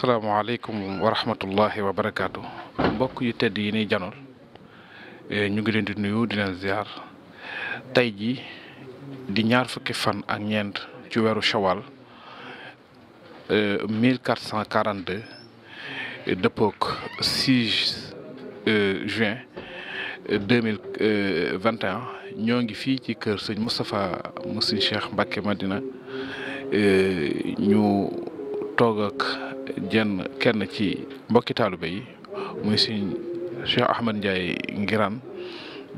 asalaamaaleykum wa rahmatullahi wa barakaatu mbokk yu tedd yi ni janool eh, ñu ngi leen di nuyu di leen ziar tey jii di ñaar fukki fan ak ñeent ci weeru shawal 1442 eh, eh, dëppook 6 juin 2021 ñoo ngi fii ci kër sëñ Moustapha mu sëñ Cheikh Mbacke Madina ñu. toog ak jenn kenn ci mbokki taalibe yi muy sëñ Cheikh Ahmed Ndiaye Ngiraan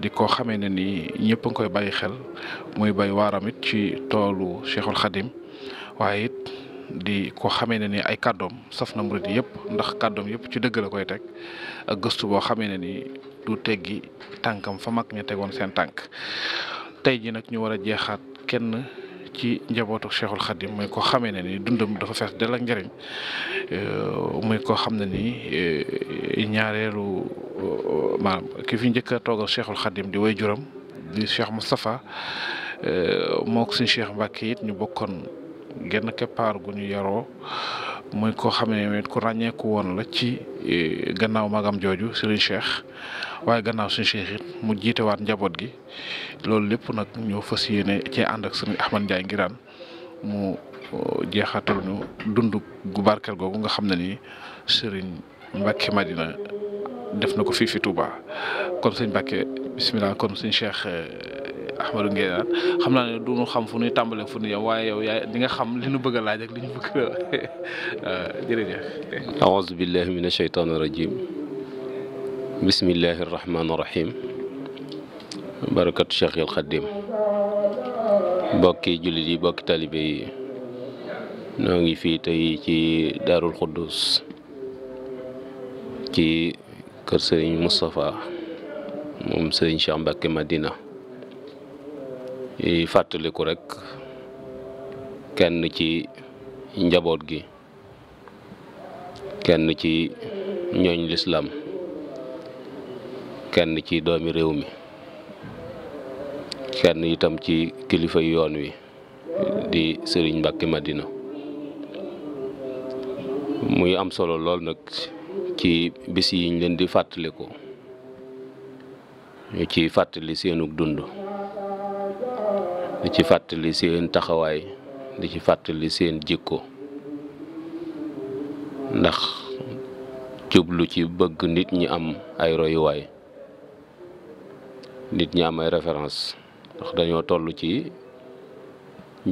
di ko xamee ne ni ñëpp a ngi koy bàyyi xel muy bay waaramit ci toolu Cheikhul Khadim waaye it di ko xamee ne ni ay kàddoom saf na murit yëpp ndax kàddoom yëpp ci dëgg la koy teg ak gëstu boo xamee ne ni du teggi tànkam fa mag ña tegoon seen tànk tey ji nag ñu war jeexaat kenn. ci njabootu Cheikhul Khadim mooy koo xamee na ni dundam dafa fees dell ak njëriñ euh, muy koo xam ne ni euh, ñaareelu euh, maanaam ki fi njëkk a toogal Cheikhul Khadim di way juram di Cheikh Moustapha mook si suñu Cheikh Mbacke ñu bokkoon genn keppaar gu ñu yaroo muy koo xam ne ku ràññeeku woon la ci e, gannaaw magam jooju Serigne Cheikh waaye gannaaw suñu Cheikh it mu jiitewaat njaboot gi loolu lépp nag ñu fas yéene cee ànd ak Serigne Ahmad Ndiaye Nguirane mu jeexatal ñu dund gu barkeel googu nga xam ne ni Serigne Mbacke Madina def na ko fii fi Touba kon sëñ Mbacke bisimilah kon suñu Cheikh. E, Ahmadou Ngueye naan xam naa ne du xam fu ñuy tàmbale fu ñuy yaa di xam li ñu bëgg a laaj ak li ñu bëgg a jërëjëf. aouzu billahi min ashaytaani rajim bismillahi rahmaani al Xadim bokki jullit yi bokki talibe yi noo ngi fii tey ci Daarul Xuddus ci kër Serigne Moustapha moom Serigne Cheikh Mbacke Madina i fàttaliku rek kenn ci njaboot gi kenn ci ñooñ lislaam kenn ci doomi réew mi kenn itam ci kilifa yoon wi di sëriñ Mbàkke Madina muy am solo lool nag ci bis yiñ leen di fàttaliku ñu ci fàttali seenug dund di ci fàttali seen taxawaay di ci fàttali seen jikko ndax jublu ci bëgg nit ñi am ay royuwaay nit ñi am ay référence ndax dañoo tollu ci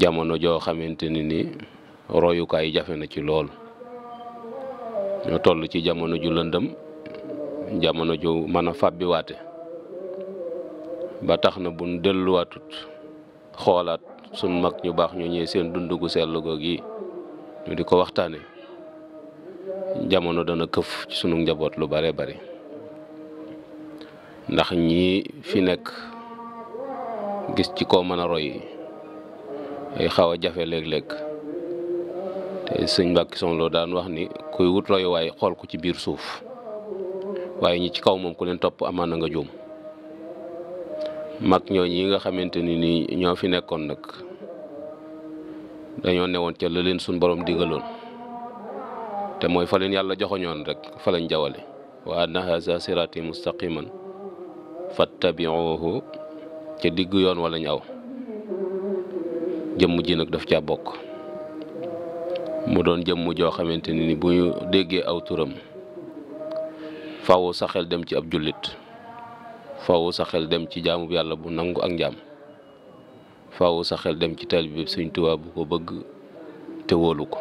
jamono joo xamante ne ni royukaay jafe na ci lool ñoo tollu ci jamono ju lëndëm jamono ju mën a fàbbiwaate ba tax na buñ delluwaatut xoolaat suñ mag ñu baax ñu ñëwee seen dund gu sell goog yi ñu di ko waxtaane jamono dana këf sunu njaboot lu bare bari ndax ñii fi nekk gis ci koo mën a roy ay xaw a jafe léeg-léeg te sëñ Mbàkke Soxna loo daan wax ni kuy wut roy waaye xool ko ci biir suuf waaye ñi ci kaw moom ku leen topp a nga juum mag ñooñ yi nga xamante ni nii ñoo fi nekkoon nag dañoo newoon ca la leen suñ boroom digaloon te mooy fa yàlla joxoñoon rek fa lañ jawale wa anna haza sirati mustaqiman fattabiuhu ca digg yoon wala ñu aw jëmm ji nag daf ca bokk mu doon jëmm joo xamante ni bu ñu déggee aw turam faaw sa xel dem ci ab jullit faaw sa xel dem ci jaamu yàlla bu nangu ak njaam faaw sa xel dem ci taalibe suñ Tuubaa bu ko bëgg te wóolu ko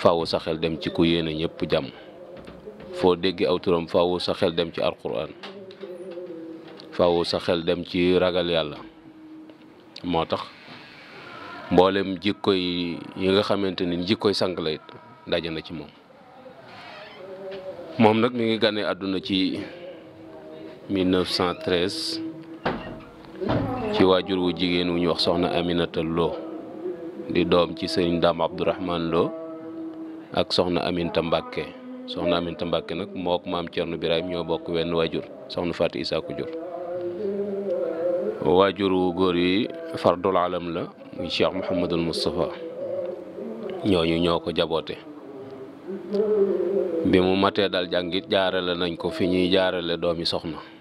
faaw sa xel dem ci ku yéene ñëpp jàmm foo déggee aw turam faaw sa xel dem ci alquran fawu sa xel dem ci ragal yàlla moo tax mboolem jikkoy yi nga xamante ni jikkoy sànq la it daje na ci moom moom nag mi ngi gane àdduna ci 1913 ci waajur wu jigéen wu ñu wax soxna Aminata Lo di doom ci sëriñ Daam Abdourahman Lo ak soxna Aminta Mbàkke soxna Aminta Mbàkke nag moo ak maam Cerno Birahim ñoo bokk wenn waajur soxna Faati Isaa ko jur waajur wu góor yi fardul alam la muy Cheikh Mouhamadul Moustapha ñooñu ñoo ko jaboote bi mu matee daal jàngit jaarale nañ ko fi ñuy jaarale doomi soxna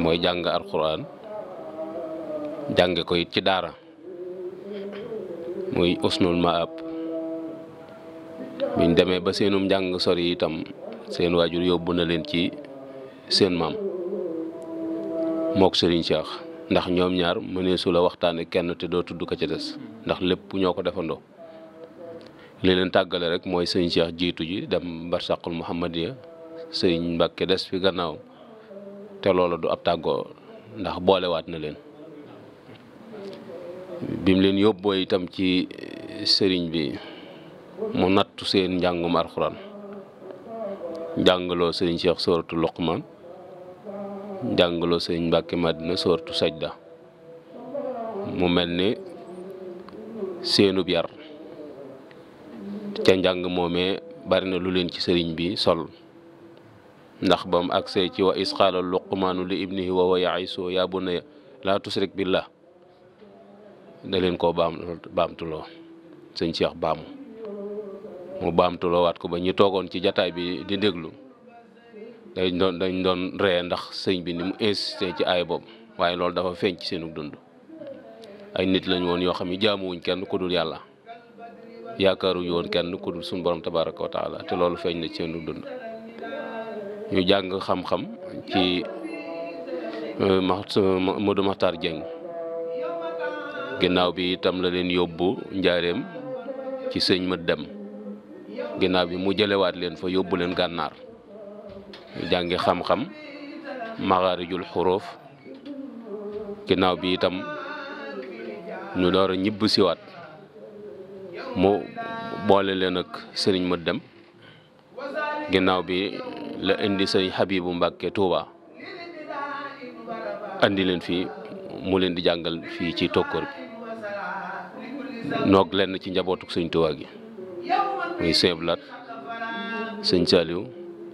mooy jàng alxuraan jànge ko it ci daara muy usnul maab biñ demee ba seenum njàng sor yi itam seen waajur yóbbu na leen ci seen maam mook Serigne Cheikh ndax ñoom ñaar mëneesula waxtaane kenn te doo tudd ko ca des ndax lépp ñoo ko defandoo li leen tàggale rek mooy sëñ Cheikh jiitu ji dem barsaqul Muhammadiya sëñ Mbàkke des fi gannaaw te loola du ab tàggoo ndax boolewaat na leen bim leen yóbboo itam ci sëriñ bi mu nattu seen njàngum alxuraan jàngaloo sëriñ Cheikh sooratu Luqmaan jàngaloo sëriñ Mbàkke Madina sooratu Sajda mu mel ni seenub yar ca njàng moomee bari na lu leen ci sëriñ bi sol ndax ba mu agsee ci wa isqaala luqmaanu li ibnihi wa huwa ya'isu yaa bunayya laa tusrik billah da leen koo baam baamtuloo sëñ Cheikh baamu mu baamtuloo waat ko ba ñu toogoon ci jataay bi di déglu dañ doon dañ doon ree ndax sëñ bi ni mu insisté ci aay boobu waaye loolu dafa feeñ ci seenu dund ay nit lañu woon yoo xam ne jaamuwuñ kenn ku dul yàlla yaakaaruñu yoon kenn ku dul suñu borom tabaraka wa te loolu feeñ na ci seenu dund ñu jàng xam-xam ci euh, euh, Modou Makhtar Dieng ginnaaw bi itam la leen yóbbu njaareem ci sëñ ma dem ginnaaw bi mu jëlewaat leen fa yóbbu leen gànnaar ñu jàngi xam-xam maxaarijul xuróof ginnaaw bi itam ñu door a ñibb siwaat mu boole leen ak sëriñ ma dem ginnaaw bi la indi sëriñ Habibu Mbàkke Touba andi leen fii mu leen di jàngal fii ci tokkoor bi noog lenn ci njabootu sëñ Touba gi muy sëñ Blat sëñ Saliou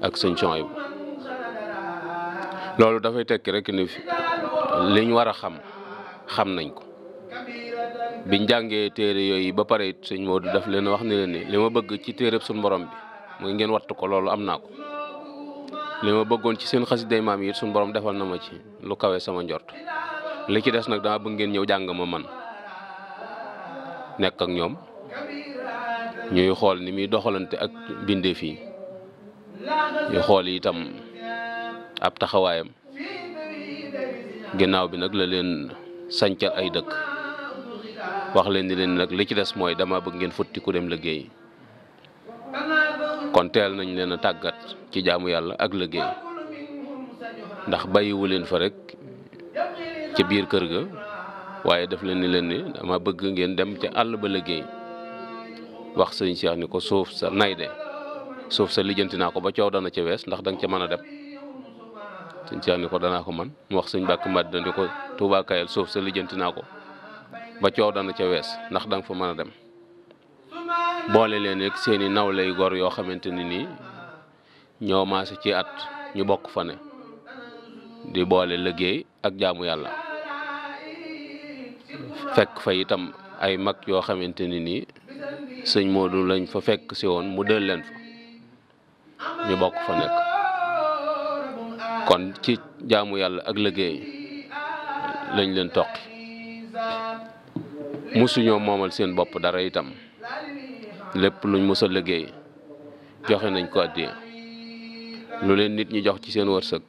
ak sëñ Chouaïb loolu dafay tekki rek ni liñ war a xam xam nañ ko biñ jàngee téere yooyu ba pare it sëñ Modou daf leen wax ne leen ni li ma bëgg ci téereb suñu borom bi mooy ngeen wattu ko loolu am naa ko li ma bëggoon ci seen xasida maam yi it suñu borom defal na ma ci lu kawee sama njort li ci des nag dama bëgg ngeen ñëw jàng ma man nekk ak ñoom ñuy xool ni muy doxalante ak bindeef yi ñu xool itam ab taxawaayam ginnaaw bi nag la leen sancal ay dëkk wax leen ni leen nag li ci des mooy dama bëgg ngeen futti ku dem liggéey kon teel nañ leen a tàggat ci jaamu yàlla ak liggéey ndax bàyyiwu leen fa rek ca biir kër ga waaye daf leen ni leen ni dama bëgg ngeen dem ca àll ba liggéey wax sëñ Cheikh ni ko suuf sa nay de suuf sa lijjanti naa ko ba coow dana ca wees ndax danga ca mën a dem sëñ Cheikh ni ko danaa ko man wax sëñ bàkk mbàdd ko Tuubaa suuf sa lijjanti naa ko ba coow dana ca wees ndax danga fa mën a dem boole leen rek seen i gor yoo xamante ne nii ñoo maase ci at ñu bokk fa ne di boole liggéey ak jaamu yàlla fekk fa itam ay mag yoo xamante ne nii sëñ Modou lañ fa fekk si woon mu dël leen fa ñu bokk fa nekk kon ci jaamu yàlla ak liggéey lañ leen toqi musuñoo moomal seen bopp dara itam lépp lu mës a liggéey joxe nañ ko addiya lu leen nit ñi jox ci seen wërsëg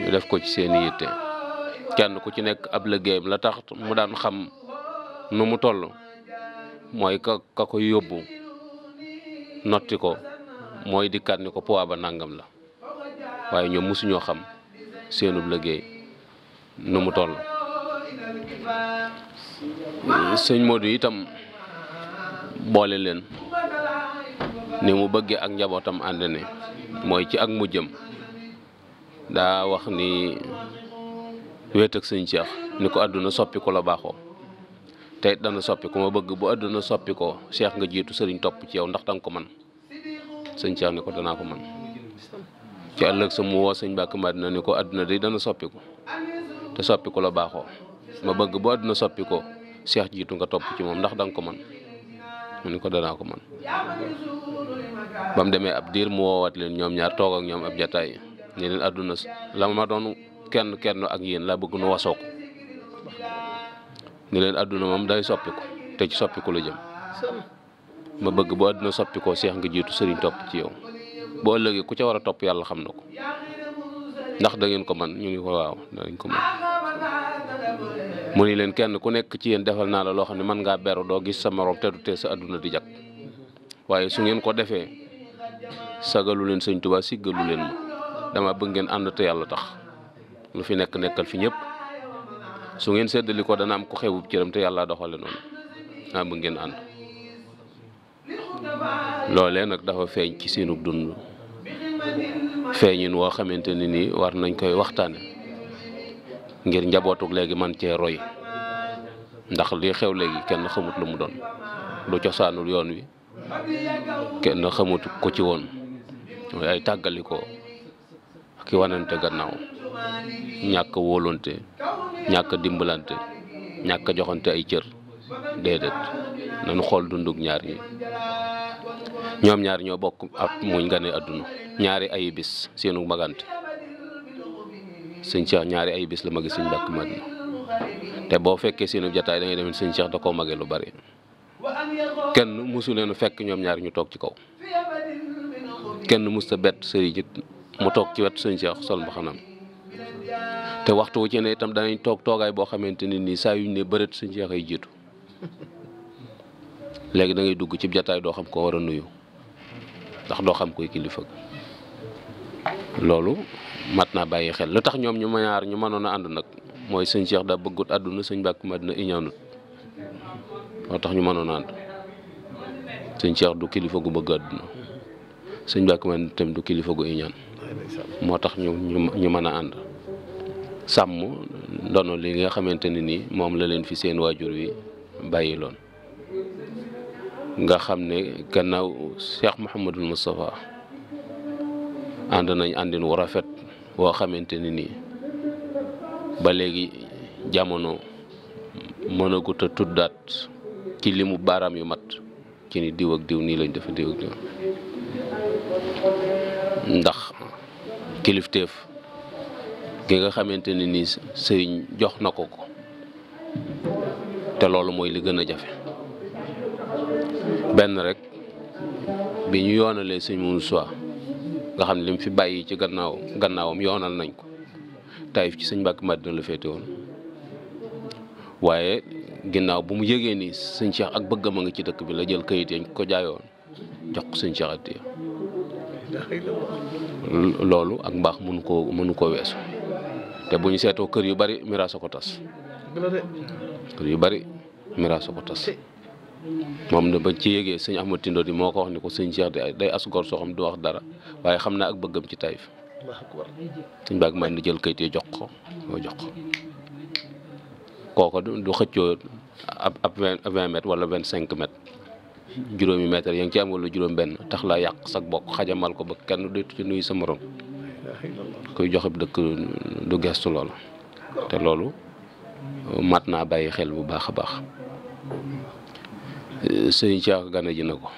ñu def ko ci seeni yitte kenn ku ci nekk ab liggéeyam la tax mu daan xam nu mu toll mooy ka ka ko yóbbu notti ko mooy dikkaat ni ko poids ba nangam la waaye ñoom mësuñoo xam seenub liggéey nu mu toll sëñ Modou itam boole leen ni mu bëggee ak njabootam ànd ne mooy ci ak mujjam daa wax ni wéet ak sëñ Cheikh ni ko àdduna soppi la baaxoo te dana soppi ko ma bëgg bu àdduna soppi ko nga jiitu sëriñ topp ci yow ndax danga ko man sëñ Cheikh ni ko danaa ko man ci ëllëg sa mu woo sëñ Mbàkke Madina ni ko àdduna day dana soppi te soppi la baaxoo ma bëgg bu àdduna soppi ko jiitu nga topp ci moom ndax danga ko man mu ni ko danaa ko man ba mu demee ab diir mu woowaat leen ñoom ñaar toog ak ñoom ab jataay ñi leen àdduna la ma doon kenn kenn ak yéen laa bëgg nu wasoo ko ni leen àdduna moom day soppiku te ci soppiku la jëm ma bëgg bu àdduna soppikoo seex nga jiitu sëriñ topp ci yow boo ëllëgee ku ca war a topp yàlla xam na ko ndax da ngeen ko man ñu ngi ko waaw danañ ko man mu ni leen kenn ku nekk ci yéen defal naa la loo xam ne mën ngaa beru doo gis sa morom te du tee sa adduna di jag waaye su ngeen ko defee sagalu leen sëñ Tuubaa siggalu leen ma dama bëgg ngeen ànd te yàlla tax lu fi nekk nekkal fi ñëpp su ngeen séddali dana am ko xewub cëram te yàlla doxale bëgg ngeen ànd loolee nag dafa feeñ ci seenug dund feeñin woo xamante ne nii war nañ koy waxtaane ngir njabootuk léegi man cee roy ndax lii xew léegi kenn xamut lu mu doon lu cosaanul yoon wi kenn xamut ko ci woon mooy ay tàggalikoo ki wanante gannaaw ñàkk wóolonte ñàkk dimbalante ñàkk joxante ay cër déedéet nañu xool dundug ñaar ñi ñoom ñaar ñoo bokk ak muñ nga ne àdduna ñaari ayi bis seenu magante sëñ Cheikh ñaari ay bis la magi sëñ Mbàkke Madina te boo fekkee seenu jataay da ngay demee sëñ Cheikh da koo magee lu bari kenn mosu leen fekk ñoom ñaari ñu toog ci kaw kenn mos ta bett sëriñ it mu toog ci wet sëñ Cheikh sol mbaxanaam te waxtu wu ci ne itam danañ toog toogaay boo xamante ne nii saa yuñ ne bëreet sëñ Cheikh ay jiitu léegi dangay dugg ci jataay doo xam ko war a nuyu ndax doo xam koy kilifa loolu mat naa bàyyi xel lu tax ñoom ñu mañaar ñu mënoon a ànd nag mooy sëñ Cheikh daa bëggut àdduna sëñ Mbàkke Madina iñaanut moo tax ñu mënoon a ànd sëñ du kilifa bëgg àdduna sëñ du kilifa gu iñaan moo tax ñu ñu mën a ànd sàmm ndono li nga xamante ne nii moom la leen fi seen waajur wi bàyyi loon nga xam ne gannaaw Cheikh Mouhamadul Moustapha ànd nañ àndin wu rafet woo xamante ne nii ba léegi jamono mënagut a tuddaat ci limu baaraam yu mat ci ni diw ak diw nii lañ dafa diw ak diw ndax kilifteef ki nga xamante ne nii sëriñ jox na ko ko te loolu mooy li gën a jafe benn rek bi ñu yoonalee sëñ Moussa nga xam ne lim fi bàyyi ci gannaaw gannaawam yoonal nañ ko Taïf ci sëñ Mbàkke Madina la féete woon waaye ginnaaw bu mu yëgee nii sëñ Cheikh ak bëggam a nga ci dëkk bi la jël kayit yañ ko jaayoon jox ko sëñ Cheikh Atiya loolu ak mbaax mënu ko mënu koo weesu te bu ñu seetoo kër yu bari miraas a ko tas kër yu bari miraas a ko tas moom ne ba ci yégee sëñ ama Tindo di moo ko wax ni ko sëñ Cheikh di day asgor soo xam du wax dara waaye xam naa ak bëggam ci Taïf sëñ baag man di jël kayit yi jox ko moo jox ko kooko du xëccoo ab ab vingt mètres wala vingt cinq mètres juróomi mètre yaa ngi ci am wala juróom benn tax laa yàq sag bokk xajamal ko ba kenn du ci nuyu sa moroom kuy joxe dëkk du gestu loolu te loolu mat naa bàyyi xel bu baax a baax sëriñ Cheikh gane ji na ko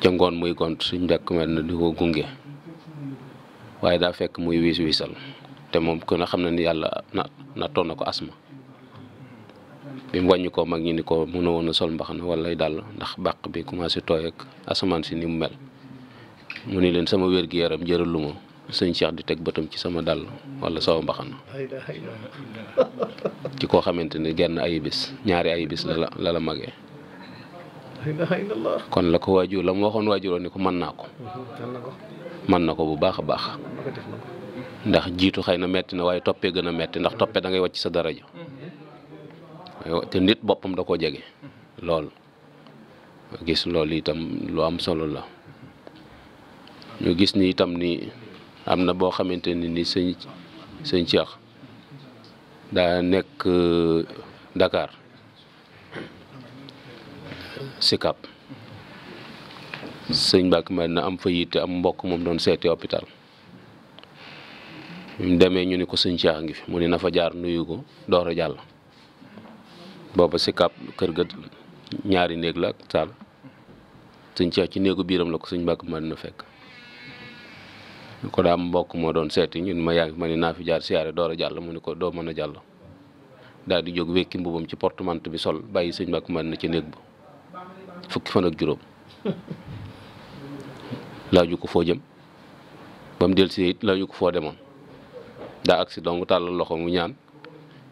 ca ngoon muy gont suñ mbekk mel na di ko gunge waaye daa fekk muy wiis wiisal te moom ku ne xam na ni yàlla na nattoon na ko asma bi mu wàññi ko mag ñu ni ko mënu woon a sol mbaxana wala lay dal ndax bàq bi commencé tooy ak asamaan si ni mu mel mu ni leen sama wér-gi-yaram jëral lu ma sëñ Cheikh di teg bëtam ci sama dàll walla sama mbaxana ci koo xamante ne genn ay bis ñaari ay bis la la la la magee kon la ko waajur la mu waxoon waajuroon ni ko mën naa ko mën na ko bu baax a baax ndax jiitu xëy na metti na waaye toppee gën a metti ndax toppee dangay ngay wàcc sa daraja te nit boppam da koo jege lool gis loolu itam lu am solo la ñu gis ni itam ni am na boo xamante ne ni sëñ sëñ Cheikh daa nekk euh, Dakar Sicap sëñ Mbacke ma na am fa yitte am mbokk moom doon seeti hôpital mu demee ñu ni ko sëñ a ngi fi mu ne na fa jaar nuyu ko door a jàll booba Sicap kër ga ñaari néeg la ak taal sëñ Cheikh ci néegu biiram la ko sëñ Mbacke ma na fekk. kon ko daa mbokk moo doon seeti ñun ma yaa ma ne naa fi jaar siyaare door a jàll mu ne ko doo mën a jàll daal di jóg wekki mbubam ci portemante bi sol bàyyi sëñ Mbàkke man na ci néeg ba fukki fan ak juróom laaju ko foo jëm ba mu dellu si foo demoon daa agsi dong tàllal loxo mu ñaan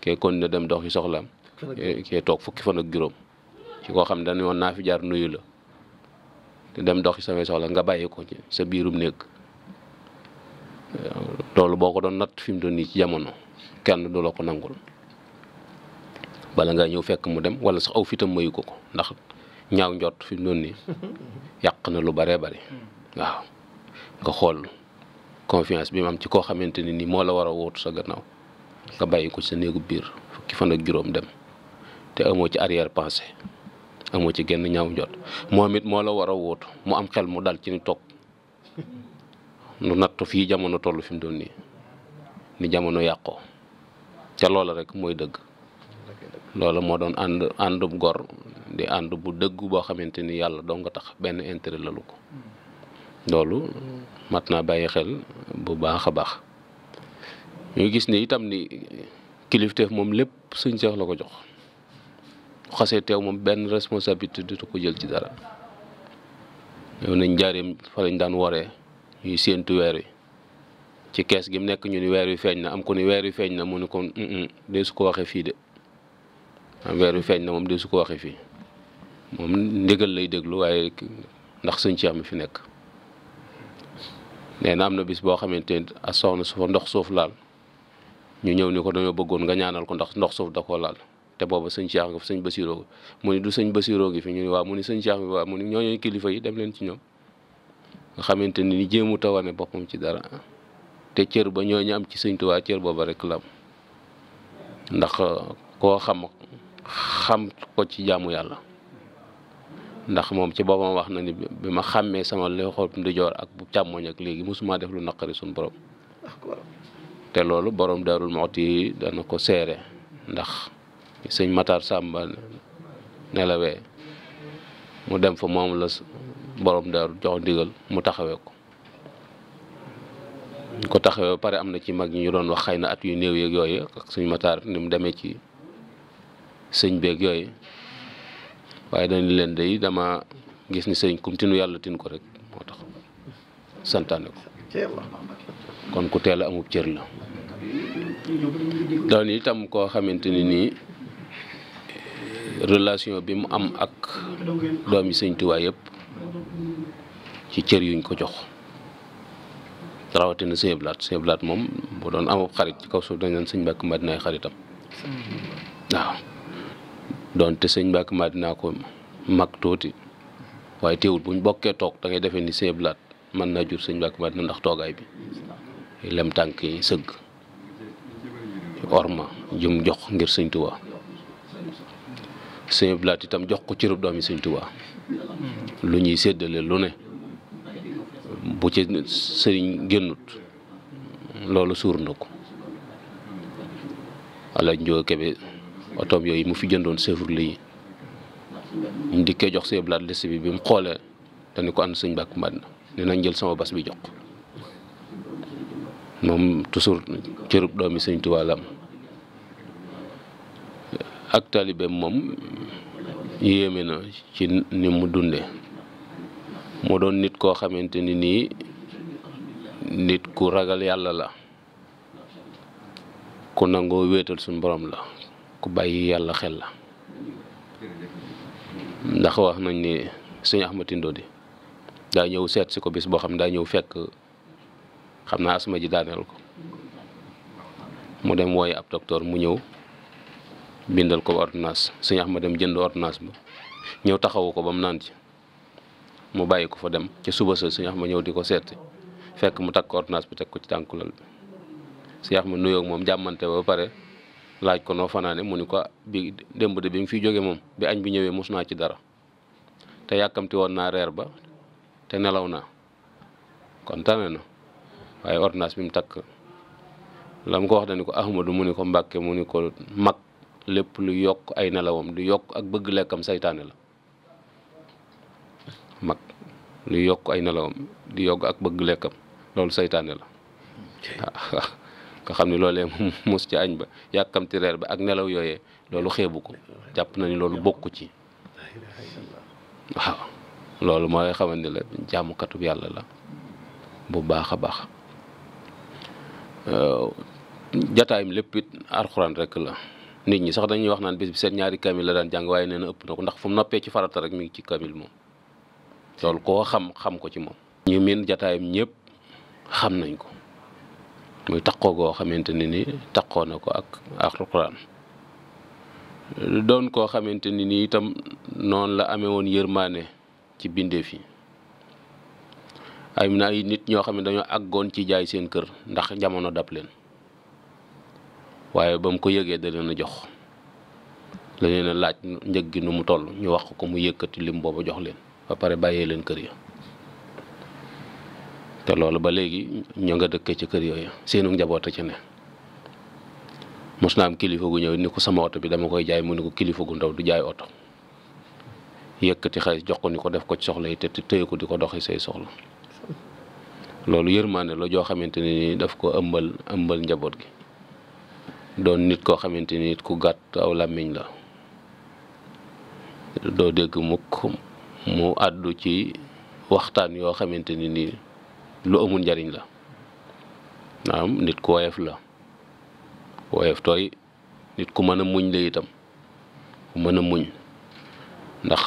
kee kon ne dem dox yi soxlaam kee fukki fan ak xam ne dañu woon naa fi jaar nuyu la te dem dox yi samay soxla nga bàyyi ko ci sa biirum néeg loolu boo ko doon natt fi mu doon nii ci jamono kenn du la ko nangul bala ngaa ñëw fekk mu dem wala sax aw fitam mayu ko ko ndax ñaw njot fi mu doon nii yàq na lu baree bari hmm. waaw nga xool confiance bi mu am ci koo xamante ne nii moo la war a wóotu sa gannaaw nga bàyyi ko sa néegu biir ki fan ak juróom dem te amoo ci arrière pensée amoo ci genn ñaaw njot moom it moo la war a wóotu mu am xel mu dal ci ni toog nu nattu fii jamono toll fi mu doon nii ni jamono yàqo te loola rek mooy dëgg loola moo doon ànd àndub gor di ànd bu dëgg boo xamante ni yàlla doo nga tax benn intérêt lalu ko loolu mat naa bàyyi xel bu baax a baax ñu gis ne itam ni kilifteef moom lépp suñ Seex la ko jox xasee teew moom benn responsabilité du ko jël ci dara yow nañ jaareem fa lañ daan woree ñuy séentu weer wi ci kees gi mu nekk ñu ni weer wi feeñ na am ku ni weer wi feeñ na mu ni kon de su ko waxee fii de am weer wi feeñ na moom de su ko waxee fii moom ndigal lay déglu waaye ndax sëñ Cheikh mi fi nekk nee na am na bis boo xamante ni a soxna su fa ndox suuf laal ñu ñëw ni ko dañoo bëggoon nga ñaanal ko ndax ndox suuf da koo laal te booba sëñ Cheikh nga fi sëñ Basiroo mu ni du sëñ Basiroo gi fi ñu ni waaw mu ni sëñ Cheikh bi waaw mu ni ñooñu kilifa yi dem leen ci ñoom nga xamante ni jéemu tawane boppam ci dara te cër ba ñooñu am ci sëñ Tuubaa cër booba rek lam ndax koo xam xam ko ci jaamu yàlla ndax moom ci boppam wax na ni bi ma xàmmee sama loxo ndijoor ak bu càmmoñ ak léegi mosuma def lu naqari suñu borom te loolu boroom Daarul Muxti dana ko seere ndax sëñ Matar Samba nelawee mu dem fa moom la borom daaru jox ndigal mu taxawee ko ñu ko taxawee ba pare am na ci mag ñu doon wax xëy na at yu néew yeeg yooyu ak suñ mataar ni mu demee ci sëñ beeg yooyu waaye dañ leen day dama gis ni sëñ kum tinu yàlla tin ko rek moo tax santaane ko kon ku teel a cër la doon itam koo xamante ni nii relation bi mu am ak doomi sëñ Tuubaa yëpp ci cër yuñ ko jox rawatina Sëñ Blaat Sëñ moom bu doon amub xarit ci kaw suuf dañ naan sëñ Mbàkke Madina ay xaritam waaw donte sëñ ko mag tuuti waaye buñ bokkee toog da ngay defee ni Sëñ Blaat mën naa jur sëñ Mbàkke Madina ndax toogaay bi lem tànk sëgg orma jum jox ngir sëñ Tuubaa Sëñ itam jox ko cërub doomi sëñ lu ñuy séddale lu ne bu ci sëriñ génnut loolu suur na ko alaaj njoo kebe otoom yooyu mu fi jëndoon seefur lii ñu dikkee jox see blaat liste bi bi mu xoolee dañu ko ànd sëñ bàkk mbaat na ne nañ jël sama bas bi jox moom toujours cërub doomi sëñ Tuubaa ak taalibeem moom yéeme na ci ni mu dundee moo doon nit koo xamante ni nii nit ku ragal yàlla la ku nangoo wéetal suñu borom la ku bàyyi yàlla xel la ndax wax nañ ni suñu Ahmad Tindo di daa ñëw seet si ko bis boo xam ne daa ñëw fekk xam naa asma ji daaneel ko mu dem wooye ab docteur mu ñëw bindal ko ordonnance suñu Ahmad dem jënd ordonnance ba ñëw taxawu ko ba mu naan ci mu bàyyi ko fa dem ci suba sa Sëñ Axma ñëw di ko seet fekk mu takk ordonnance bi teg ko ci tànku lal bi Sëñ Axma nuyoo moom jàmmante ba pare laaj ko noo fanaane mu ni ko bi démb de bi mu fiy jógee moom bi añ bi ñëwee mos naa ci dara te yàkkamti woon naa reer ba te nelaw naa kon tane na waaye ordinance bi mu takk la mu ko wax ni ko du mu ni ko Mbàkke mu ni ko mag lépp lu yokk ay nelawam du yokk ak bëgg lekkam seytaane la mag lu yokk ay nelaw di yokk ak bëgg lekkam loolu seytaane la waaw nga xam ne loolee mos ci añ ba yàkkamti reer ba ak nelaw yooyee loolu xeebu ko jàpp na ni loolu bokku ci waaw loolu mooy xamante la jaamukatub yàlla la bu baax a baax jataayam lépp it arxuraan rek la nit ñi sax dañuy wax naan bi seen ñaari kamil la daan jàng waaye nee na ëpp na ko ndax fu noppee ci farata rek mi ngi ci kamil moom loolu koo xam xam ko ci moom. ñu miin jataayam ñëpp xam nañ ko muy taqoo goo xamante ne ni taqoo na ko ak alquran doon koo xamante ni nii itam noonu la amee woon yërmaane ci bindeef yi ay na ay nit ñoo xam ne dañoo àggoon ci jaay seen kër ndax jamono dab leen waaye ba mu ko yëgee da leen jox la leen laaj njëg gi nu mu toll ñu wax ko mu yëkkati lim booba jox leen. ba pare bàyyee leen kër yi te loolu ba léegi ñoo nga dëkkee ci kër yooyu seenu njaboot a ci ne mos naa am kilifa gu ñëw ni ko sama oto bi dama koy jaay mu ni ko kilifa gu ndaw du jaay oto yëkkati xaalis jox ko ni ko def ko ci soxla yi te tëye ko di ko doxi say soxla loolu yërmaande la joo xamante ni daf ko ëmbal ëmbal njaboot gi doon nit koo xamante ni ku gàtt aw làmmiñ la doo dégg mukk mu àddu ci waxtaan yoo xamante ni nii lu amul njariñ la naam nit ku woyof la woyof tooy nit ku mën a muñ la itam ku mën a muñ ndax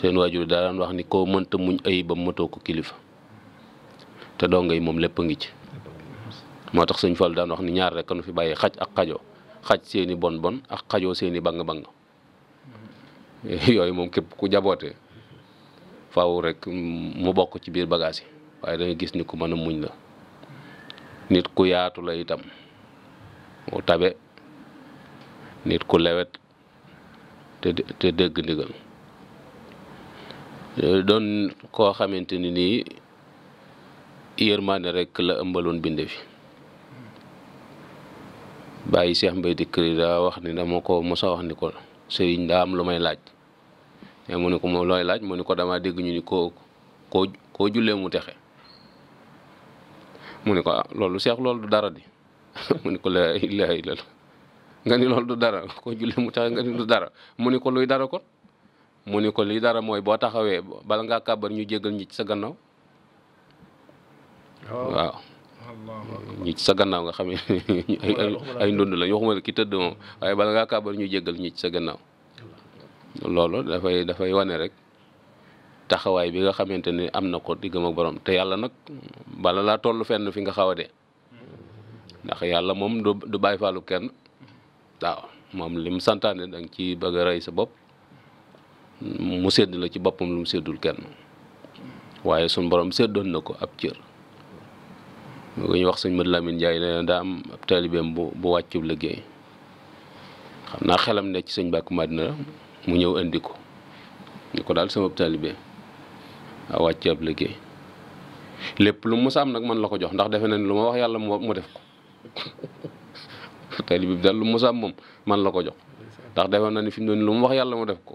seen waajur daa daan wax ni koo mënta muñ ay ba matoo ko kilifa te donga yi moom lépp a ngi ci moo tax sëñ Fall daan wax ni ñaar rek nu fi bàyyi xaj ak xajoo xaj seeni bon bon ak xajo seeni bang bang yooyu moom képp ku jaboote faaw rek mu bokk ci biir bagaas yi waaye da gis ni ku mën a muñ la nit ku yaatu la itam mu tabe nit ku lewet te te dégg ndigal doon koo xamante ni nii yërmaane rek la ëmbaloon binde fi bàyyi Cheikh Mbay Dikri daa wax ni dama ko mosa wax ni ko sëriñ daa am lu may laaj te mu ne ko moom looy laaj mu ne ko damaa dégg ñu ni koo koo koo jullee mu texe mu ni ko ah seex loolu du dara di mu ne ko la ilaha ni du dara koo jullee mu texe nga ni dara mu ne ko luy dara kon mu ne ko li dara mooy boo taxawee bala ngaa kàbbar ñu jégal ñi ci sa gannaaw oh. waaw ñi ci sa gannaaw nga xamee ay ay ndund la ñu waxuma la ki tëdd moom waaye bala ngaa kaabar ñu jéggal ñi ci sa gannaaw loolu dafay dafay wane rek taxawaay bi nga xamante ne am na ko diggam ak borom te yàlla nag bala laa toll fenn fi nga xaw a dee ndax yàlla moom du du bàyyi faalu kenn waaw moom li mu santaane da nga ciy bëgg a rey sa bopp mu sédd la ci boppam lu mu séddul kenn waaye suñ borom séddoon na ko ab cër. ku ñuy wax sëñ Mad Lamin Njaay nee daa ab taalibeem bu bu wàccub liggéey xam naa xelam ne ci sëñ Mbàkke Madina mu ñëw indi ko ko daal sama taalibe waaw wàcc liggéey lépp lu mu am nag man la ko jox ndax defe na ne lu ma wax yàlla mu def ko taalibe bi daal lu mu am moom man la ko jox ndax defe na ne fi mu ne lu mu wax yàlla mu def ko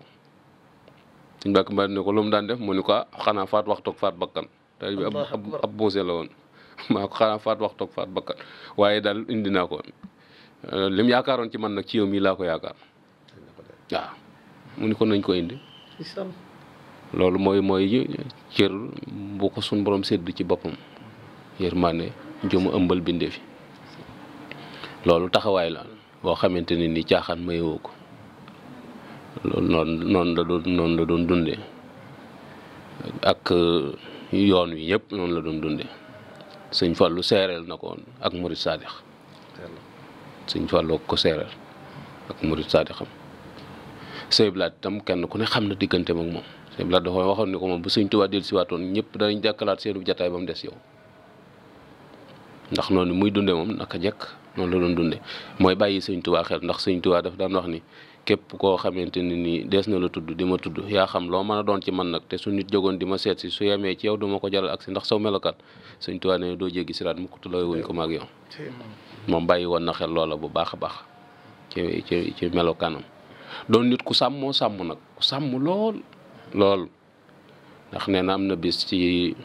sëñ Mbàkke Madina ko lu mu daan def mu ni ko ah, xanaa faat waxtu faat bakkan taalibe bi ab la woon maa ko xanaa faat waxtoog faat bakkan waaye daal indi naa ko euh, lim yaakaaroon ci man nag ci yow mii laa ko yaakaar waaw mu ni ko nañ ko indi loolu mooy mooy cër bu ko suñ borom sedd ci boppam yërmande jëmu ëmbal bindee fi loolu taxawaay la boo xamante ne ni caaxaan mayewoo ko loolu noonu la doon noonu dundee ak yoon wi yëpp noonu la doon dundee sëñ Fallou seereel na ko woon ak Murid Saadix sëñ Fallou ko seereel ak Murid Saadixam sëñ Blaat itam kenn ku ne xam na diggante ak moom sëñ Blaat dafa waxoon ni ko moom bu sëñ Tuubaa dellusiwaatoon ñëpp danañ jàkkalaat seenu jataay ba mu des yow ndax noonu muy dunde moom naka jekk noonu la doon dunde mooy bàyyi sëñ Tuubaa xel ndax sëñ Tuubaa daf daan wax ni képp koo xamante ne nii dees na la tudd di ma tudd yaa xam loo mën a doon ci man nag te su nit jógoon di ma seet si su yemee ci yow duma ko jaral ak ndax saw melokaan suñ tuwaa ne doo jéggi siraat mu kutulooy ko maag bàyyi woon na xel loola bu baax a baax ci ci ci melokaanam doon nit ku sàmmoo sàmm nag ku sàmm lool lool ndax nee na am na bis ci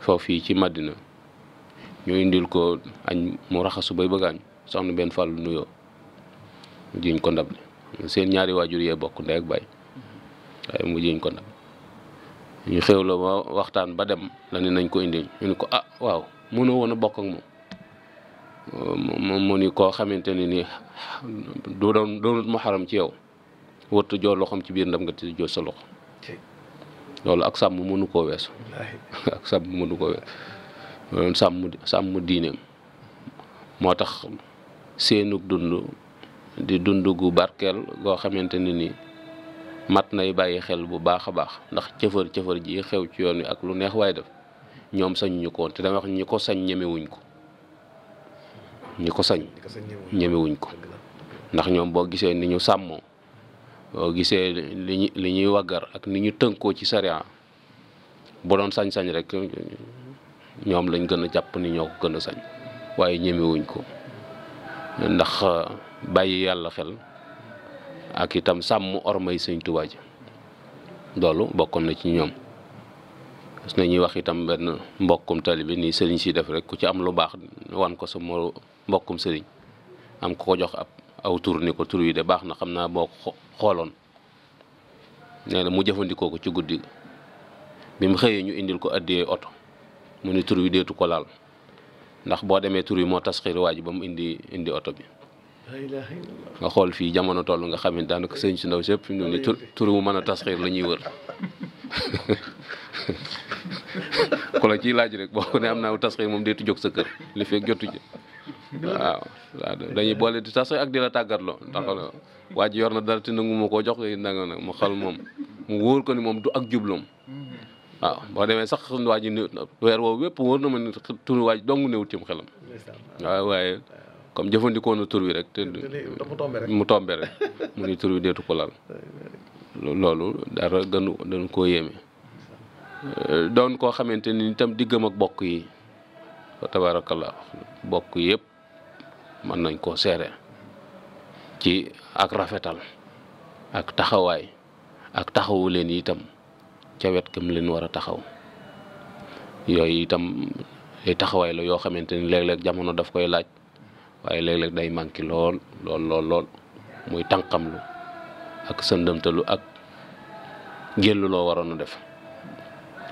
foofu yi ci Madina ñu indil ko añ mu raxasu bay bëgg añ soxna benn fàllu nuyoo jiñ ko ndab li seen ñaari waajur yee bokk ndey ak baay waaye mujjee ñu ko nag ñu xewloo ba waxtaan ba dem la ne nañ ko indi ñu ne ko ah waaw mënoo woon a moom. mu ni koo xamante ne nii du doon doonut mu xaram ci yow wërtu joo loxoom ci biir ndam nga ti joo sa loxo loolu ak sàmm mënu koo weesu ak sàmm mënu koo weesu sàmm sàmm diineem moo tax seenug dund di dund gu barkeel goo xamante ne nii mat nay bàyyi xel bu baax a baax ndax cëfër cëfër ji xew ci yoon wi ak lu neex waaye def ñoom sañuñu ko woon te dama wax ñi ko sañ ñemewuñ ko ñi ko sañ ko ndax ñoom boo gisee ni ñu sàmmoo boo gisee li li ñuy wagar ak ni ñu tënkoo ci sariya bu doon sañ-sañ rek ñoom lañ gën a jàpp ni ñoo ko gën a sañ waaye ñemewuñ ko ndax bàyyi yàlla xel ak itam sàmm ormay sëñ Tuubaa ji loolu bokkoon na ci ñoom parce na ñuy wax itam benn mbokkum tali bi ni sëriñ si def rek ku ci am lu baax wan ko su mo mbokkum sëriñ am ko jox ab aw tur ni ko tur yi de baax na xam naa boo ko xooloon nee na mu jëfandikoo ko ci guddi bi mu xëyee ñu indil ko addiyee oto mu ni tur wi deetu ko laal ndax boo demee tur yi moo tas tasxiir waaj ba mu indi indi oto bi nga xool fii jamono toll nga xam ne daanaka sëñ si ndaw sépp fi mu ne mu mën a tasxiir la ñuy wër ku la ciy laaj rek boo ko ne am naa tasxiir moom deetu jóg sa kër li jotu dañuy boole di tasxiir ak di la tàggatloo ndax yor na dara te nangu ma koo jox nanga nag mu xal moom mu wóor ko ni moom du ak jubloom waaw boo demee sax waa weer woowu wépp wóor na ma ne turu waa ji dong newut ci xelam waaw waaye comme jëfandikoo na tur wi rek. te mu tombe rek mu ni tur wi deetu ko lal. loolu dara gënu koo yéeme. Euh, doon koo xamante ni itam diggam ak bokk yi tabarakallah bokk yépp mën nañ koo seere ci ak rafetal ak taxawaay ak taxawu leen itam ca wet kam leen war a taxaw yooyu itam ay taxawaay la yoo xamante ni léeg jamono daf koy laaj. waaye léeg-léeg day manqué lool lool lool lool muy tànqamlu ak sëndëmtalu ak jëllu loo waroon a def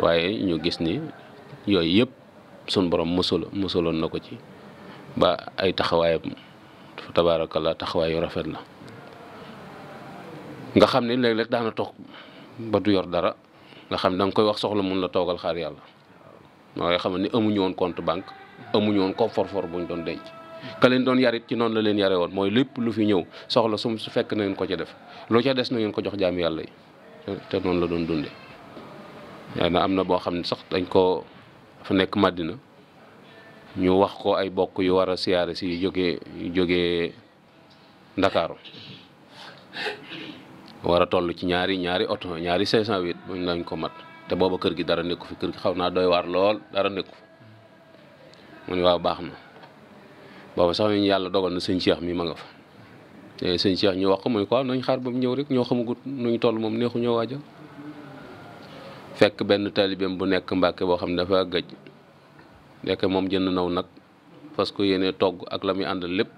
waaye ñu gis ni yooyu yëpp sun borom musal musaloon na ko ci ba ay taxawaayam tabaarakallah taxawaay yu rafet la nga xam ne léeg-léeg daana toog ba du yor dara nga xam ne danga koy wax soxla mun la toogal xaar yàlla moo nga xam ni amuñu woon compte banque amuñu woon coffre bu ñu doon denc ka leen doon yarit ci noonu la leen yare woon mooy lépp lu fi ñëw soxla sum su fekk na ngeen ko ca def loo ca des na ngeen ko jox jaam yàlla yi te noonu la doon dunde waaye na am na boo xam ne sax dañ ko fa nekk Madina ñu wax ko ay bokk yu war a siyaare si yu jógee yu Ndakaaru war a ci ñaari ñaari oto ñaari 508 buñ nañ ko mat te booba kër gi dara nekku fi kër gi xaw naa doy waar lool dara nekku mu ne waaw baax na booba sax ñu yàlla dogal na sëñ Cheikh mi ma nga fa te sëñ Cheikh ñu wax ko mooy quoi nañ xaar ba mu ñëw rek ñoo xamagut ñu toll moom neexu ñoo waajal fekk benn taalibeem bu nekk Mbàkke boo xam ne dafa gëj nekk moom jënd naw nag fas ko yéene togg ak la muy àndal lépp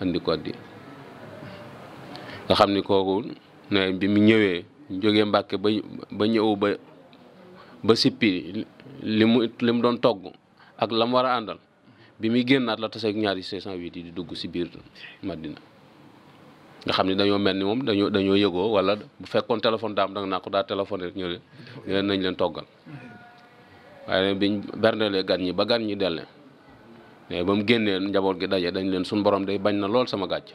andi ko addi bi mu ñëwee jógee Mbàkke ba ba ñëw ba ba sippi li mu li doon togg ak la war a àndal bi muy génnaat la taseeg ñaari 508 yi di dugg si biir Madina nga xam ne dañoo mel ni moom dañoo dañoo yëgoo wala bu fekkoon téléphone daam danga naa ko daa téléphoné rek ñëw leen nañ leen toggal waaye biñ berndelee gan ñi ba gan ñi delle mais ba mu génnee njaboot gi daje dañ leen suñ borom day bañ na lool sama gàcc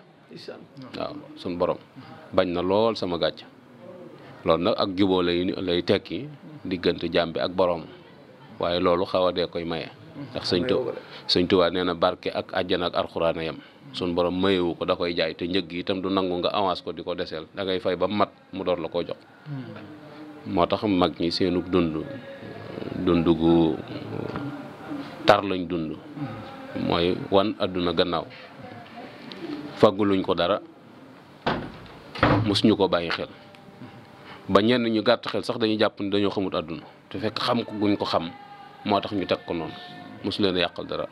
waaw suñ borom bañ na lool sama gàcc loolu nag ak juboo lay tekki diggante jaam bi ak borom waaye loolu xaw a dee koy maye ndax sëñ tu sëñ nee na barke ak àjjana ak alxuraan a suñ borom mayewu ko da koy jaay te njëg gi itam du nangu nga avance ko di ko deseel dangay fay ba mat mu door la koo jox hmm. moo tax mag ñi seenu dund dund gu tar lañ dund hmm. mooy wan àdduna gannaaw fagguluñ ko dara mosuñu ko bàyyi xel ba ñenn ñu gàtt xel sax dañuy jàpp ni dañoo xamut àdduna te fekk xam ko guñ ko xam moo tax ñu teg ko noonu mosu leen yàqal dara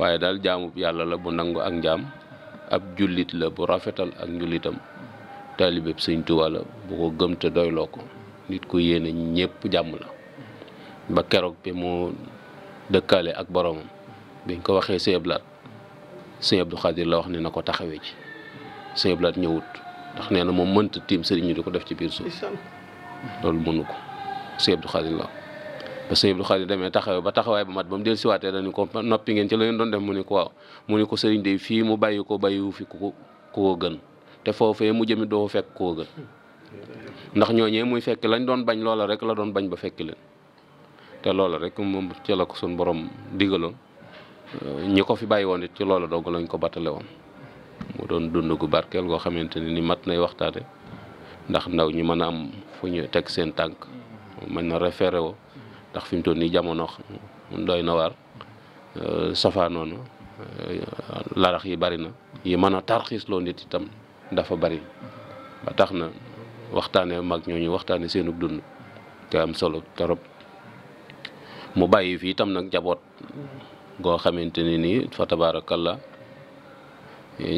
waaye daal jaamub yàlla la bu nangu ak njaam ab jullit la bu rafetal ak njullitam taalibeeb sëñ Tuubaa bu ko gëm te doyloo ko nit ku yéene ñépp jàmm la ba keroog bi mu dëkkaale ak boromam biñ ko waxee sëñ Ablaat sëñ Abdu Xaadir la wax ne na ko taxawee ci sëñ ñëwut ndax nee na moom mënta tiim sëriñ ñu di ko def ci biir suuf loolu mënu ko sëñ Abdu Xaadir la ba sëñ Abdou Khadir demee taxawee ba taxawaay ba mat ba mu del siwaatee dañu ko noppi ngeen ci la doon def mu ni ko waaw mu ni ko sëriñ de fii mu bàyyi ko bàyyiwu fi ku ko gën te foofee mu jëmi doo fekk koo gën ndax ñooñee muy fekk lañ doon bañ loola rek la doon bañ ba fekk leen te loola rek moom ci la ko sun borom digaloon euh, ñi ko fi bàyyi woon it ci loola doog lañ ko battale woon mu doon dund gu barkeel goo xamante ne ni mat nay waxtaane ndax ndaw ñi mën a am fu teg seen tànk mën na référé woo ndax fi mu toll nii jamono doy na waar euh, safaa noonu euh, larax yi bari na yi mën a tarxiis loo nit itam dafa bari ba tax na waxtaanee mag ñooñu waxtaane seenug dund te am solo torop mu bàyyi fi itam nag njaboot goo xamante ne nii fa la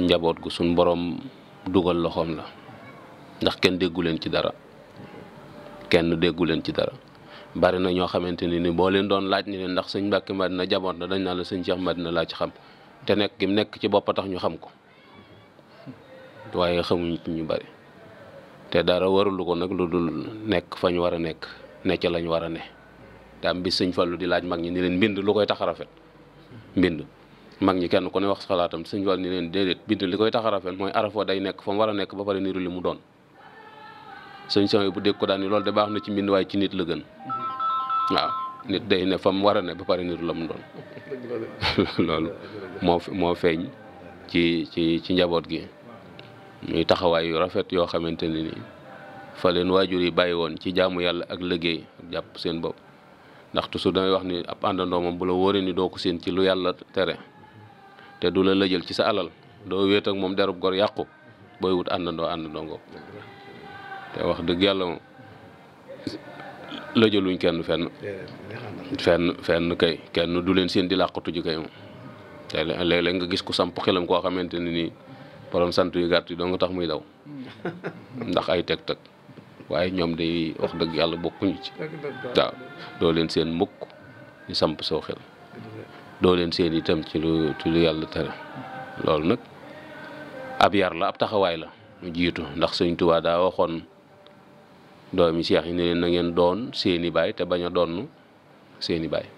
njaboot gu suñ boroom dugal loxoom la ndax kenn déggu leen ci dara kenn déggu leen ci dara bari na ñoo xamante ni ni boo leen doon laaj ni leen ndax sëñ Mbàkke Madina jaboot na dañ naa la sëñ Cheikh Madina laa ci xam te nekk gi nekk ci bopp tax ñu xam ko waaye xamuñ ci ñu bari te dara warulu ko nag lu dul nekk fa ñu war a nekk ne ca lañ war a ne te am bis sëñ Fallu di laaj mag ñi ni leen mbind lu koy tax a rafet mbind mag ñi kenn ku ne wax xalaatam sëñ Fallu ni leen déedéet mbind li koy tax a mooy arafo day nekk fa mu war a nekk ba pare niru li mu doon sëñ Sooy bu dégg ko daal ni loolu de baax na ci mbind waaye ci nit la gën waaw nit day ne fa mu war a ne ba pare nitu la mu doon loolu moo feeñ ci ci ci njaboot gi muy taxawaay yu rafet yoo xamante ne ni fa leen waajur yi bàyyi woon ci jaamu yàlla ak liggéey jàpp seen bopp ndax toujours damay wax ni ab àndandoo moom bu la wóoree ni doo ko séen ci lu yàlla tere te du la lëjal ci sa alal doo wéet moom derub gor yàqu booy wut àndandoo àndandoo ngoog te wax dëgg yàlla moom la luñ kenn fenn. fenn fenn kay kenn du leen seen di làqatu ji kay moom. tey léeg nga gis ku samp xelam koo xamante ne nii borom sant yu gàtt yi doo nga tax muy daw ndax ay teg-teg waaye ñoom day wax dëgg yàlla bokkuñu ci. waaw doo leen seen mukk ñu samp soo doo leen seen itam ci lu ci lu yàlla tere loolu nag ab yar la ab taxawaay la mu jiitu ndax Sëñ Tuubaa daa waxoon. doomi seex yi ne leen na ngeen doon seeni baay te bañ a doon seeni baay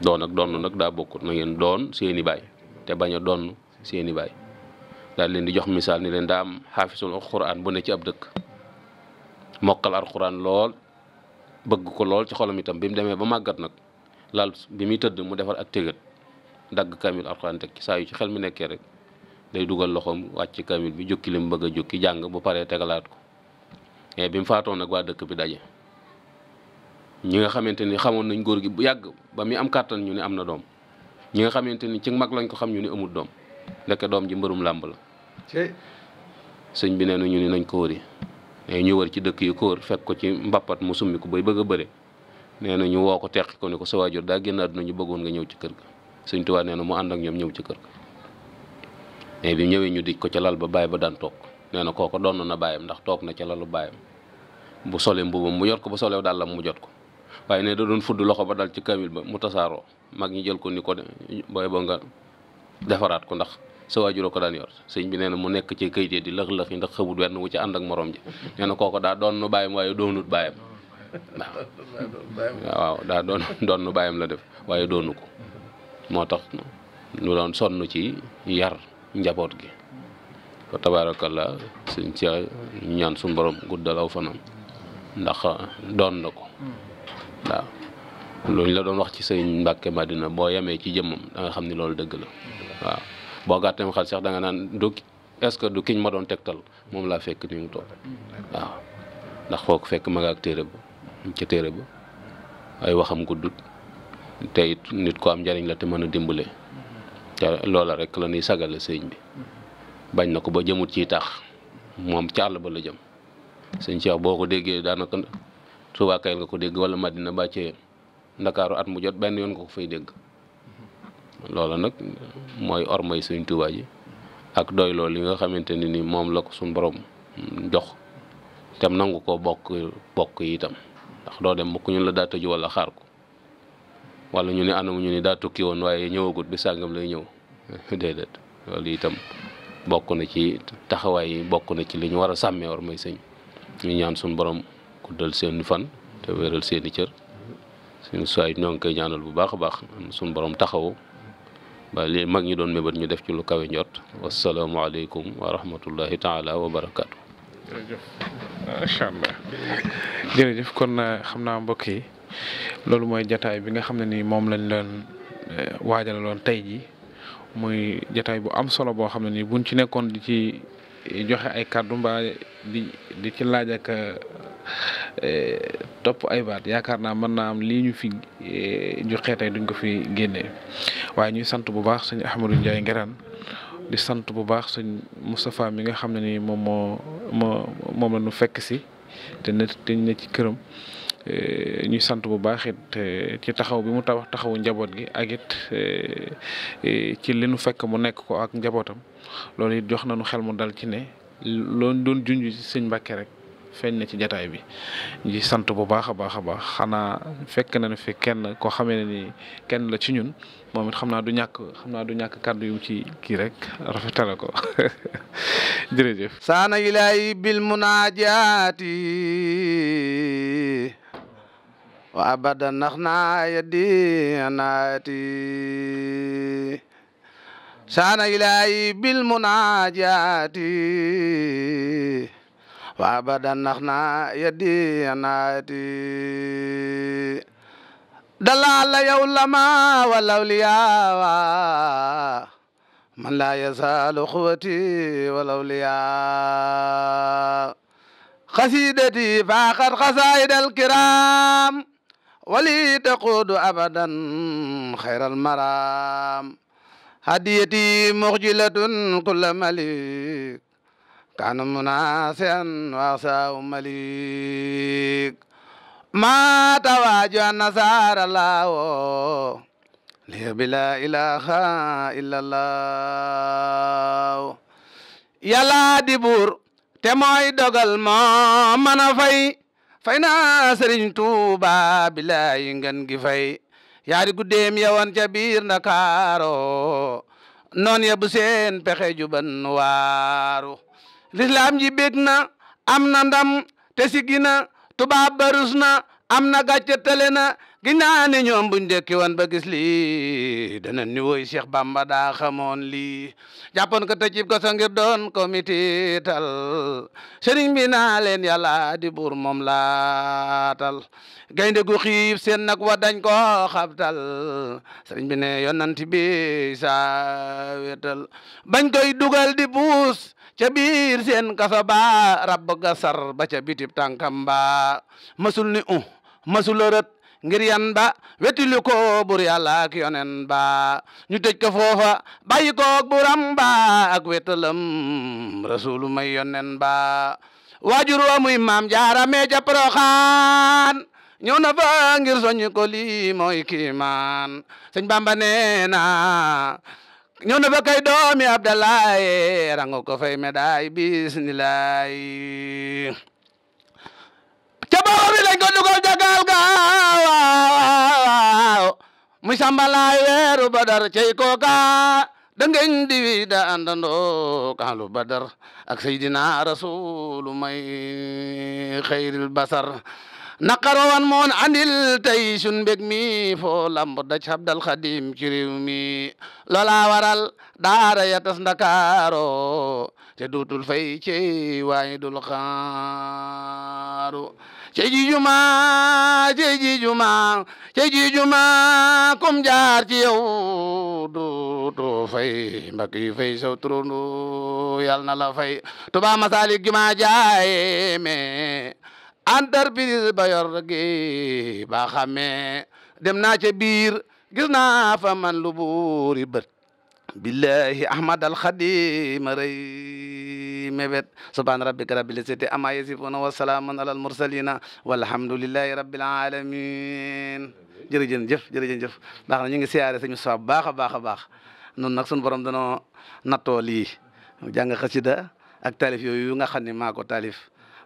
doon ak donn nag daa bokkut na ngeen doon seeni baay te bañ a doon seeni baay daal leen di jox misaal ni leen daa am xaafisul alxuraan bu ne ci ab dëkk mokkal alxuraan lool bëgg ko lool ci xolom itam bi mu demee ba màggat nag laal bi muy tëdd mu defar ak tëggat dagg kaamil alxuraan teg ci saa yu ci xel mi nekkee rek day dugal loxoom wàcc kaamil bi jukki li mu bëgg a jukki jàng bu paree tegalaat ko Eh, bi mu faatoo nag waa dëkk bi daje ñi nga xamante ni xamoon nañ góor gi bu yàgg ba muy am kàttan ñu ne am na doom ñi nga xamante ni ci mag lañ ko xam ñu ni amul doom ndeke doom ji mbërum làmb la. sëñ bi nee ñu ni nañ ko wëri mais eh, wër ci dëkk yu ko fekk ko ci mbappat mu summi ko bay bëgg a bëre nee na ñu woo ko teqi ko ni ko sa waajur daa génn àdduna ñu bëggoon nga ñëw ci kër gi sëñ Tuubaa nee na mu ànd ak ñoom ñëw ci kër ga eh, bi ñëwee ñu dij ko ca lal ba bàyyi ba daan toog. nee na kooko doon na baayam ndax toog na ca lalu baayam bu solee mbubam mu yor ko bu solee dàllam mu jot ko waaye ne da doon fudd loxo ba dal ci kamil ba mu tasaaroo mag ñi jël ko ni ko booy boo ko ndax sa waajuroo ko daan yor sëñ bi nee na mu nekk ci kayitee di lëx yi ndax xamut wenn wu ci ànd ak morom ji nee na kooko daa doon nu baayam waaye doonut baayam waaw doon nu baayam la def waaye doonu ko moo tax ñu doon sonn ci yar njaboot gi fa tabaarakallaa sëñ Cheikh ñaan suñu borom guddal aw fanam ndax doon na ko waaw loolu la doon wax ci sëñ Mbàkke Madina boo yemee ci jëmmam da nga xam ni loolu dëgg la waaw boo gàtteem xel sax da nga naan du est-ce que du kiñ ma doon tegtal moom laa fekk ni mu toog waaw ndax foo ko fekk ma ak téere ba ca téere bu ay waxam guddut te nit ko am njariñ la te mën a dimbale te loola rek la ñuy sagale sëñ bi bañ na ko ba jëmut ci tax moom ca ba la jëm sëñ Cheikh boo ko déggee daanaka Tuubaa kayel nga ko dégg wala Madina ba Ndakaaru at mu jot benn yoon nga ko fay dégg loola nag mooy ormay sëñ Tuubaa ji ak doy loolu yi nga xamante ne ni moom la ko suñ borom jox tam nangu ko bokk bokk itam ndax doo dem mukk ñun la daa tëju wala xaar ko wala ñu ne anam ñu ne daa tukki woon waaye ñëwagut bi sàngam lay ñëw déedéet loolu itam bokk na ci taxawaay yi bokk na ci li ñu war a sàmmee war may sëñ ñu ñaan suñu borom guddal seen fan te wéral seen cër suñu suwaay ñoo ngi koy ñaanal bu baax a baax suñu borom taxawu ba li mag ñi doon mébét ñu def ci lu kawe njot wasalaamualeykum wa rahmatullahi taala wa barakaatu. jërëjëf macha allah jërëjëf kon eh, xam naa mbokk yi loolu mooy jataay bi nga xam ne ni moom lañ leen eh, waajal loon tey ji muy jataay bu am solo boo xam ne nii buñ ci nekkoon di ci joxe ay kàddu mbaa di ci laaj ak eh, topp ay baat yaakaar naa mën naa am lii ñu fi eh, joxe tey duñ ko fi génnee waaye ñuy sant bu baax sëñ Ahmadou Ndiaye Nguerane di sant bu baax sëñ Moustapha mi nga xam ne ni moom moo moo moom la fekk si te ne te ne ci këram. Eh, ñuy sant bu baax it eh, ci taxaw bi mu tabax taxawu njaboot gi ak it eh, ci li nu fekk mu nekk ko ak njabootam loolu it jox nañu xel mu dal ci ne loolu doon junj sëñ Mbàkke rek feeñ na ci jataay bi ñu sant bu baax a baax a baax xanaa fekk na ne fi kenn koo xamee ne ni kenn la ci ñun moom it xam naa du ñàkk xam naa du ñàkk kàddu yu ci kii rek rafetale ko jërëjëf saana ilaahi bil munaajaati wa abadan nax naa yeddi anaati saana ilaahi bil munaajaati wa abadan nax naa yeddi anaati dalaala yow lama walaw liyaa man laa yazaalu xuwati walaw liyaa xasiidati faaxat xasaayid alkiraam ولي تقود أبدا خير المرام هديتي مخجلة كل مليك كان مناسيا وأساء مليك ما تواجه النصارى الله لي بلا إله إلا الله يلا دبور te mooy dogal moo mën a fay fay naa sëriñ tuuba bilaay ngan gi fay yaari guddeem yawan ca biir ndakaaro noon ya bu seen pexe juban waaru lislaam ji bég na am na ndam te siggi na tubaab am na gàcce tale na ginnaa ne ñoom buñ dekki woon ba gis lii dana ni woy Cheikh Bamba daa xamoon lii jàppoon ko tëjib ko so ngir doon comité tal sëriñ bi naa leen yàlla di buur moom laa tal gaynde gu xiif seen nag wa dañ ko xabtal sëriñ bi ne yonanti bi saa wetal bañ koy dugal di puus ca biir seen kasa ba rabb gasar ba ca bitib tànkam ba masul ni u masul rët ngir yan ba wetilu ko bur yàlla ak yonen ba ñu tëj ko foofa bàyyi koog buram ba ak wetalam rasulu may yonen ba waajur wa muy maam jaara mee ja Poroxaan ñëw fa ngir soññ ko lii mooy kiimaan sëñ Bamba nee na fa kay doomi Abdalaaye rango ko fay médaille bismilaay mbooloo mi dañ ko dugal ca gaal ga waaw muy sambalaay weeru badar cey kooka da ngeen di wi da badar ak seydina rasulu may xayril basar naqarowan moon andil tey sun mbég mi fo lamb daj habdal xadim ci réew mi loola waral daara ya ndakaaro te duutul fay cey waaye dul ceji juma ceji juma ceji juma kum jaar ci yow du to fay mbak yi fay saw yal na la fay Touba Masalik juma jaay me entreprise ba yor gi ba xame dem naa ca biir gis naa fa man lu buuri bët billahi ahmad al khadim rey mébét subhaana rabbika rabbil izzati amma yasifuuna wa salaamun alal mursalina walhamdulillahi rabbil alamin jërëjën jëf jërëjën jëf baax na ñu ngi siyaare sëñ Moussa bu baax a baax a baax noonu nag suñu borom danoo nattoo lii jàng xasida ak taalif yooyu nga xam ne maako taalif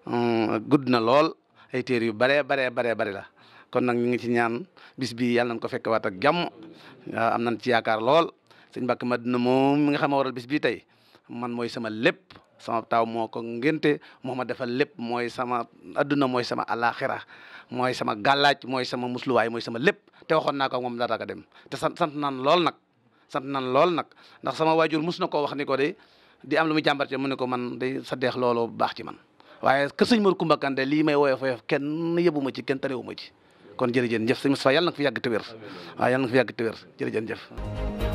hmm, gudd na lool ay téer yu baree baree baree bari la kon nag ñu ngi ci ñaan bis bi yàlla nañ ko fekk waat ak jàmm am nañ ci yaakaar lool sëñ Mbàkke Madina moom mu nga xam ne waral bis bii tey man mooy sama lépp sama taw moo ko ngénte moo ma defal lépp mooy sama adduna mooy sama alaxira mooy sama gàllaaj mooy sama musluwaay mooy sama lépp te waxoon naa ko moom dara ka dem te sant sant naan lool nag sant naan lool nag ndax sama waajur mus na koo wax ni ko de di am lu muy jàmbar mu ne ko man day sa deex loolu baax ci man waaye ke sëñ Mor Kumba Kande lii may woyof woyof kenn yëbu ma ci kenn tarewu ma ci kon jërëjëf jëf sëñ Moustapha yàlla na ko fi yàgg te wér waaw yàlla na ko fi yàgg te wér jërëjëf jëf